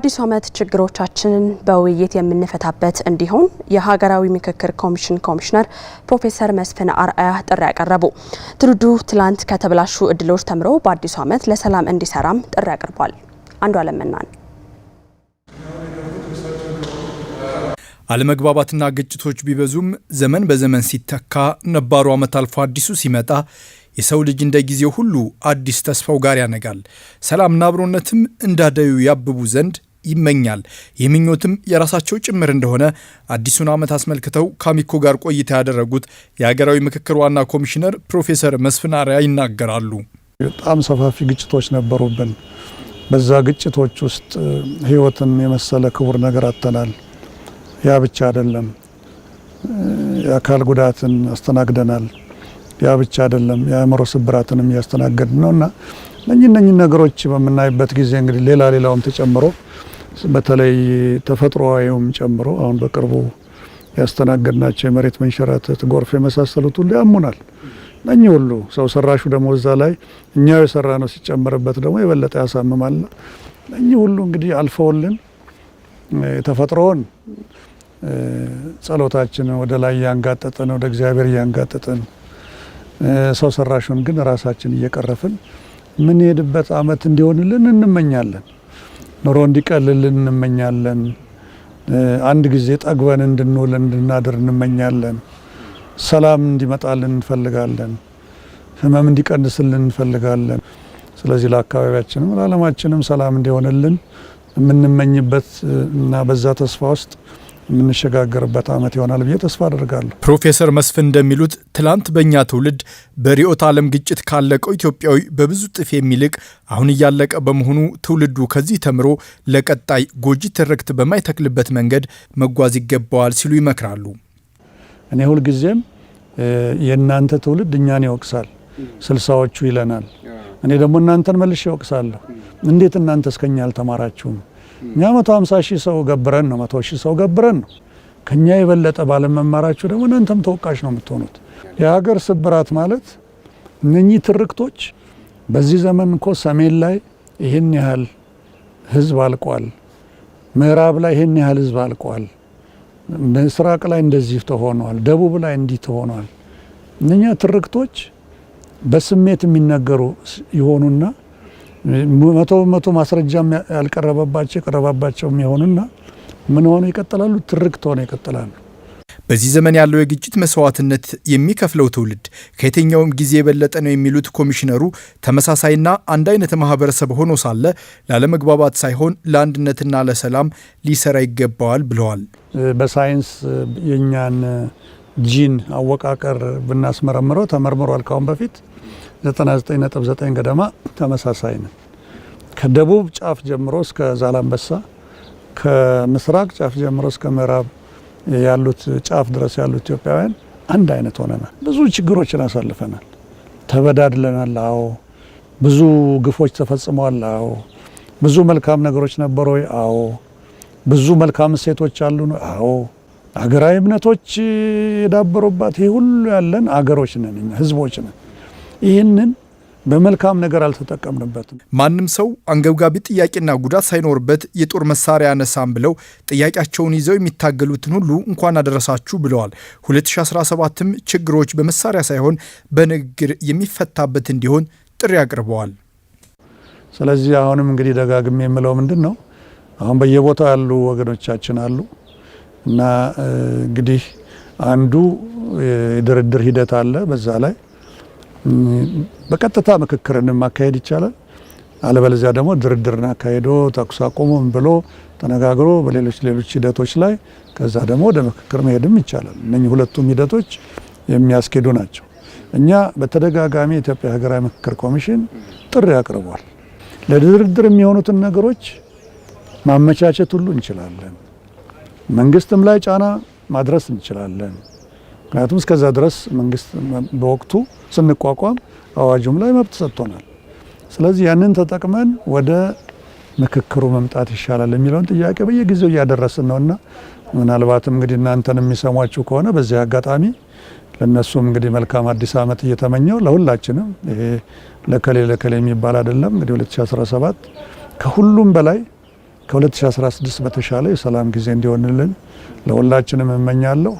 አዲሱ ዓመት ችግሮቻችንን በውይይት የምንፈታበት እንዲሆን የሀገራዊ ምክክር ኮሚሽን ኮሚሽነር ፕሮፌሰር መስፍን አርአያ ጥሪ ያቀረቡ። ትውልዱ ትላንት ከተበላሹ እድሎች ተምሮ በአዲሱ ዓመት ለሰላም እንዲሰራም ጥሪ አቅርቧል። አንዱ አለመናን አለመግባባትና ግጭቶች ቢበዙም ዘመን በዘመን ሲተካ ነባሩ ዓመት አልፎ አዲሱ ሲመጣ የሰው ልጅ እንደ ጊዜው ሁሉ አዲስ ተስፋው ጋር ያነጋል። ሰላምና አብሮነትም እንዳደዩ ያብቡ ዘንድ ይመኛል። የምኞትም የራሳቸው ጭምር እንደሆነ አዲሱን ዓመት አስመልክተው ከአሚኮ ጋር ቆይታ ያደረጉት የሀገራዊ ምክክር ዋና ኮሚሽነር ፕሮፌሰር መስፍን አርያ ይናገራሉ። በጣም ሰፋፊ ግጭቶች ነበሩብን። በዛ ግጭቶች ውስጥ ህይወትን የመሰለ ክቡር ነገር አጥተናል። ያ ብቻ አይደለም፣ የአካል ጉዳትን አስተናግደናል። ያ ብቻ አይደለም፣ የአእምሮ ስብራትንም እያስተናገድን ነው እና እነኝ ነገሮች በምናይበት ጊዜ እንግዲህ ሌላ ሌላውም ተጨምሮ በተለይ ተፈጥሮዊውም ጨምሮ አሁን በቅርቡ ያስተናገድናቸው የመሬት መንሸራተት፣ ጎርፍ የመሳሰሉት ሁሉ ያሙናል። እኚህ ሁሉ ሰው ሰራሹ ደግሞ እዛ ላይ እኛው የሰራ ነው ሲጨመርበት ደግሞ የበለጠ ያሳምማል። እኚህ ሁሉ እንግዲህ አልፈውልን የተፈጥሮውን ጸሎታችንን ወደ ላይ እያንጋጠጥን ወደ እግዚአብሔር እያንጋጠጥን ሰው ሰራሹን ግን ራሳችን እየቀረፍን ምንሄድበት አመት እንዲሆንልን እንመኛለን። ኑሮ እንዲቀልልን እንመኛለን። አንድ ጊዜ ጠግበን እንድንውል እንድናድር እንመኛለን። ሰላም እንዲመጣልን እንፈልጋለን። ህመም እንዲቀንስልን እንፈልጋለን። ስለዚህ ለአካባቢያችንም ለዓለማችንም ሰላም እንዲሆንልን የምንመኝበት እና በዛ ተስፋ ውስጥ የምንሸጋገርበት ዓመት ይሆናል ብዬ ተስፋ አደርጋለሁ ፕሮፌሰር መስፍን እንደሚሉት ትላንት በእኛ ትውልድ በርዕዮተ ዓለም ግጭት ካለቀው ኢትዮጵያዊ በብዙ ጥፍ የሚልቅ አሁን እያለቀ በመሆኑ ትውልዱ ከዚህ ተምሮ ለቀጣይ ጎጂ ትርክት በማይተክልበት መንገድ መጓዝ ይገባዋል ሲሉ ይመክራሉ። እኔ ሁልጊዜም የእናንተ ትውልድ እኛን ይወቅሳል፣ ስልሳዎቹ ይለናል። እኔ ደግሞ እናንተን መልሼ ይወቅሳለሁ። እንዴት እናንተ እስከኛ አልተማራችሁም? እኛ መቶ ሀምሳ ሺህ ሰው ገብረን ነው መቶ ሺህ ሰው ገብረን ነው። ከኛ የበለጠ ባለመማራችሁ ደግሞ እናንተም ተወቃሽ ነው የምትሆኑት። የሀገር ስብራት ማለት እነኚህ ትርክቶች በዚህ ዘመን እኮ ሰሜን ላይ ይህን ያህል ህዝብ አልቋል፣ ምዕራብ ላይ ይህን ያህል ህዝብ አልቋል፣ ምስራቅ ላይ እንደዚህ ተሆኗል፣ ደቡብ ላይ እንዲህ ተሆኗል። እነኛ ትርክቶች በስሜት የሚነገሩ ይሆኑና መቶ በመቶ ማስረጃም ያልቀረበባቸው የቀረበባቸውም የሆኑና ምን ሆነው ይቀጥላሉ? ትርክት ሆነው ይቀጥላሉ። በዚህ ዘመን ያለው የግጭት መስዋዕትነት የሚከፍለው ትውልድ ከየትኛውም ጊዜ የበለጠ ነው የሚሉት ኮሚሽነሩ ተመሳሳይና አንድ አይነት ማህበረሰብ ሆኖ ሳለ ላለመግባባት ሳይሆን ለአንድነትና ለሰላም ሊሰራ ይገባዋል ብለዋል። በሳይንስ የእኛን ጂን አወቃቀር ብናስመረምረው ተመርምሯል ካሁን በፊት 99.9 ገደማ ተመሳሳይ ነን። ከደቡብ ጫፍ ጀምሮ እስከ ዛላንበሳ፣ ከምስራቅ ጫፍ ጀምሮ እስከ ምዕራብ ያሉት ጫፍ ድረስ ያሉት ኢትዮጵያውያን አንድ አይነት ሆነናል። ብዙ ችግሮችን አሳልፈናል። ተበዳድለናል። አዎ። ብዙ ግፎች ተፈጽመዋል። አዎ። ብዙ መልካም ነገሮች ነበሩ። አዎ። ብዙ መልካም እሴቶች አሉ። አዎ። ሀገራዊ እምነቶች የዳበሩባት ይህ ሁሉ ያለን አገሮች ነን፣ ህዝቦች ነን። ይህንን በመልካም ነገር አልተጠቀምንበትም። ማንም ሰው አንገብጋቢ ጥያቄና ጉዳት ሳይኖርበት የጦር መሳሪያ አነሳም ብለው ጥያቄያቸውን ይዘው የሚታገሉትን ሁሉ እንኳን አደረሳችሁ ብለዋል። 2017ም ችግሮች በመሳሪያ ሳይሆን በንግግር የሚፈታበት እንዲሆን ጥሪ አቅርበዋል። ስለዚህ አሁንም እንግዲህ ደጋግሜ የምለው ምንድን ነው አሁን በየቦታው ያሉ ወገኖቻችን አሉ እና እንግዲህ አንዱ የድርድር ሂደት አለ በዛ ላይ በቀጥታ ምክክርንም ማካሄድ ይቻላል። አለበለዚያ ደግሞ ድርድርን አካሄዶ ተኩስ አቁሙን ብሎ ተነጋግሮ በሌሎች ሌሎች ሂደቶች ላይ ከዛ ደግሞ ወደ ምክክር መሄድም ይቻላል። እነኚህ ሁለቱም ሂደቶች የሚያስኬዱ ናቸው። እኛ በተደጋጋሚ የኢትዮጵያ ሀገራዊ ምክክር ኮሚሽን ጥሪ አቅርቧል። ለድርድር የሚሆኑትን ነገሮች ማመቻቸት ሁሉ እንችላለን። መንግስትም ላይ ጫና ማድረስ እንችላለን። ምክንያቱም እስከዛ ድረስ መንግስት በወቅቱ ስንቋቋም አዋጁም ላይ መብት ሰጥቶናል። ስለዚህ ያንን ተጠቅመን ወደ ምክክሩ መምጣት ይሻላል የሚለውን ጥያቄ በየጊዜው እያደረስን ነውና ምናልባትም እንግዲህ እናንተን የሚሰሟችሁ ከሆነ በዚህ አጋጣሚ ለእነሱም እንግዲህ መልካም አዲስ ዓመት እየተመኘው ለሁላችንም ይሄ ለከሌ ለከሌ የሚባል አይደለም። እንግዲህ 2017 ከሁሉም በላይ ከ2016 በተሻለ የሰላም ጊዜ እንዲሆንልን ለሁላችንም እመኛለሁ።